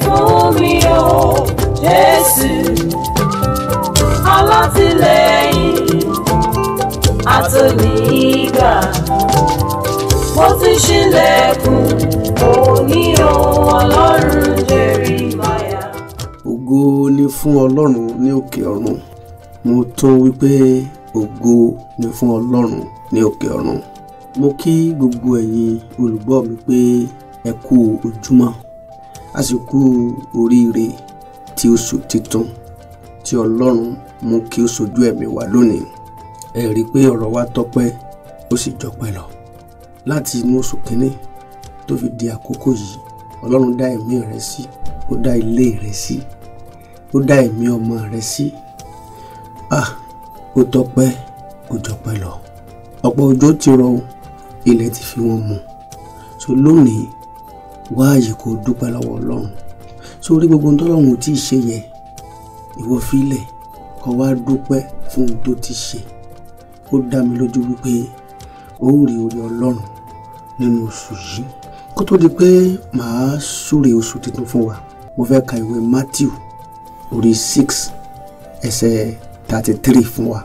fún mi o Jésù alátìlẹ́yìn àtònígbà mo ti ṣílẹ̀kùn òní ohun Ọlọ́run Jerimaya. ògo ni fún Ọlọ́run ní òkè ọ̀run mo tún wípé ògo ni fún Ọlọ́run ní òkè ọ̀run mo kí gbogbo ẹ̀yin olùgbọ́ mi pé ẹ kú ojúmọ́ àsìkò oríire tí oṣù titun tí ọlọ́run mú kí ó sojú ẹ̀mí wa lónìí ẹ rí i pé ọ̀rọ̀ wa tọ́pẹ́ ó sì jọpẹ́ lọ láti inú oṣù kínní tó fi di àkókò yìí ọlọ́run dá ẹ̀mí rẹ sí ó dá ilé rẹ sí ó dá ẹ̀mí ọmọ rẹ sí ah ó tọ́pẹ́ ó jọpẹ́ lọ ọ̀pọ̀ òjò ti rọ̀ ilẹ̀ ti fi wọn mu so lónìí wá àyè kó dúpẹ́ lọ́wọ́ ọlọ́run sórí gbogbo ohun tọ́lọ́run ò tí ì ṣe yẹn ìwọ fílẹ̀ kó wá dúpẹ́ fún ohun tó ti ṣe ó dá mi lójú wípé ó rí orí ọlọ́run nínú oṣù yìí kó tó di pé màá súre oṣù tuntun fún wa mo fẹ́ ka ìwé Matthew orí six ẹsẹ̀ thirty three fún wa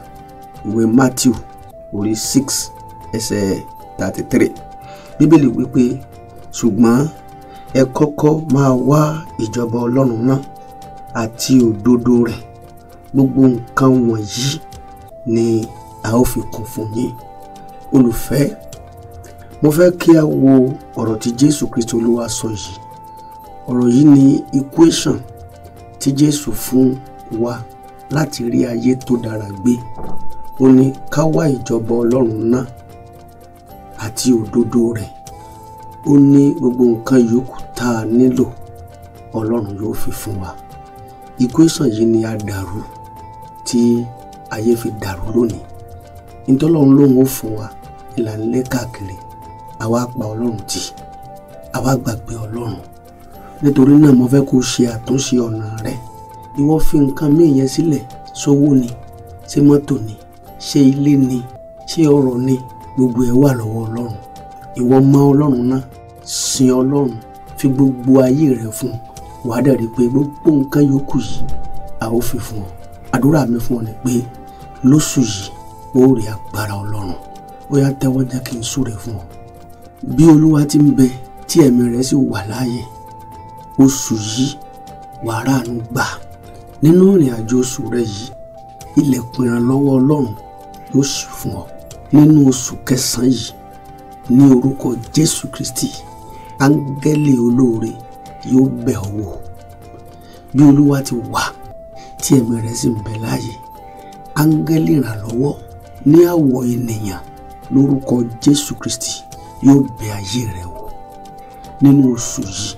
ìwé Matthew orí six ẹsẹ̀ thirty three bíbélì wípé ṣùgbọ́n ẹ kọ́kọ́ máa wá ìjọba ọlọ́run náà àti òdodo rẹ̀ gbogbo nǹkan wọ̀nyí ni a ó fi kún fún yín olùfẹ́ mo fẹ́ kí a wo ọ̀rọ̀ tí jésù kristi olúwa sọ yìí ọ̀rọ̀ yìí ni equation tí jésù fún wa láti rí ayé tó dára gbé ó ní ká wá ìjọba ọlọ́run náà àti òdodo rẹ̀ ó ní gbogbo nǹkan yòókù tá a nílò ọlọ́run yóò fi fún wa equation yìí ni a dàrú tí ayé fi dàrú lónìí nítọ́lọ́run lòun ó fún wa ìlànà ilé káàkiri àwa pa ọlọ́run tì àwa gbàgbé ọlọ́run nítorí náà mo fẹ́ kó ṣe àtúnṣe ọ̀nà rẹ ìwọ fi nǹkan míì yẹn sílẹ̀ sówó ni ṣé mọ́tò ni ṣé ilé ni ṣé ọrọ̀ ni gbogbo ẹ̀ wà lọ́wọ́ ọlọ́run ìwọ mọ ọlọ́run náà sin ọlọ́run fi gbogbo ayé rẹ fún wàá dẹ̀ rí i pé gbogbo nǹkan yòókù yìí a ó fi fún ọ àdúrà mi fún ọ ni pé lóṣù yìí ó rí agbára ọlọ́run bóyá tẹ́wọ́ jẹ́ kí n súre fún ọ bí olúwa ti ń bẹ tí ẹ̀mí rẹ̀ sì wà láàyè oṣù yìí wàá ránu gbà nínú ìrìn àjò oṣù rẹ yìí ilẹ̀kùn ìrànlọ́wọ́ ọlọ́run yóò ṣí fún ọ nínú oṣù kẹsàn-án yìí ní orúkọ jésù kristi áńgẹ́lì olóore yóò bẹ̀ ọ́ wò bí olúwa ti wà tí ẹ̀mí rẹ̀ sì ń bẹ láàyè áńgẹ́lì ìrànlọ́wọ́ ní àwọ̀ ènìyàn lórúkọ jésù kristi yóò bẹ̀ ayé rẹ wò nínú oṣù yìí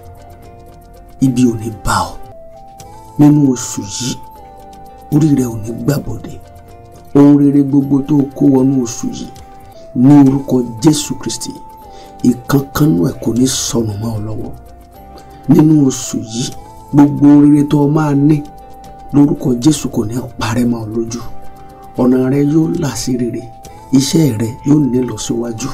ibi ò ní bá ọ nínú oṣù yìí orí rẹ ò ní gbàbọdè ohun rere gbogbo tó kó wọnú oṣù yìí ní orúkọ jésù kristi ìkankanú ẹ̀ kò ní sọnù mọ́ ọ lọ́wọ́ nínú oṣù yìí gbogbo rere tó o máa ní lórúkọ Jésù kò ní parẹ́ mọ́ ọ lójú ọ̀nà rẹ yóò là sí rere iṣẹ́ rẹ yóò ní ìlọsíwájú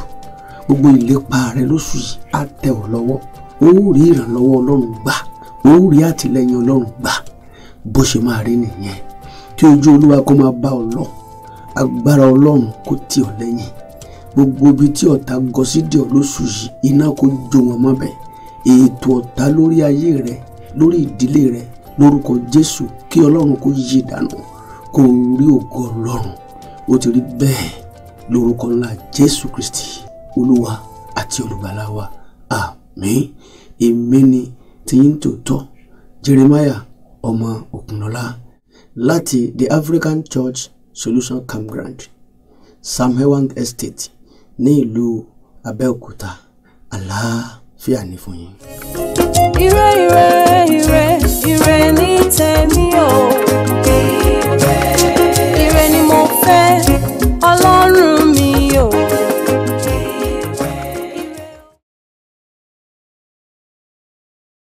gbogbo ìlépa rẹ lóṣù yìí á tẹ̀ ọ́ lọ́wọ́ ó rí ìrànlọ́wọ́ Ọlọ́run gbà ó rí àtìlẹ́yìn Ọlọ́run gbà bó ṣe máa rí nìyẹn kí ojú Olúwa kó máa bá ọ lọ agbára Ọlọ́run kó tì ọ́ lẹ́yìn gbogbo ibi tí ọ̀tá gọ́sídẹ̀ olóṣù yìí iná kò jó wọn mọ́bẹ̀ ètò ọ̀tá lórí ayé rẹ lórí ìdílé rẹ lórúkọ jésù kí ọlọ́run kò yí dànù kò rí ògo ọlọ́run ó ti rí bẹ́ẹ̀ lórúkọ ńlá jésù kristi olúwa àti olùgbàlà wa àmín èmi ni tiyín tòótọ́ jeremiah ọmọ òkunlọ́lá láti the african church solution campground sam hewang estate ní ìlú Abẹ́òkúta àlàáfíà ní fún yín. ire ire ire ire ní tèmi.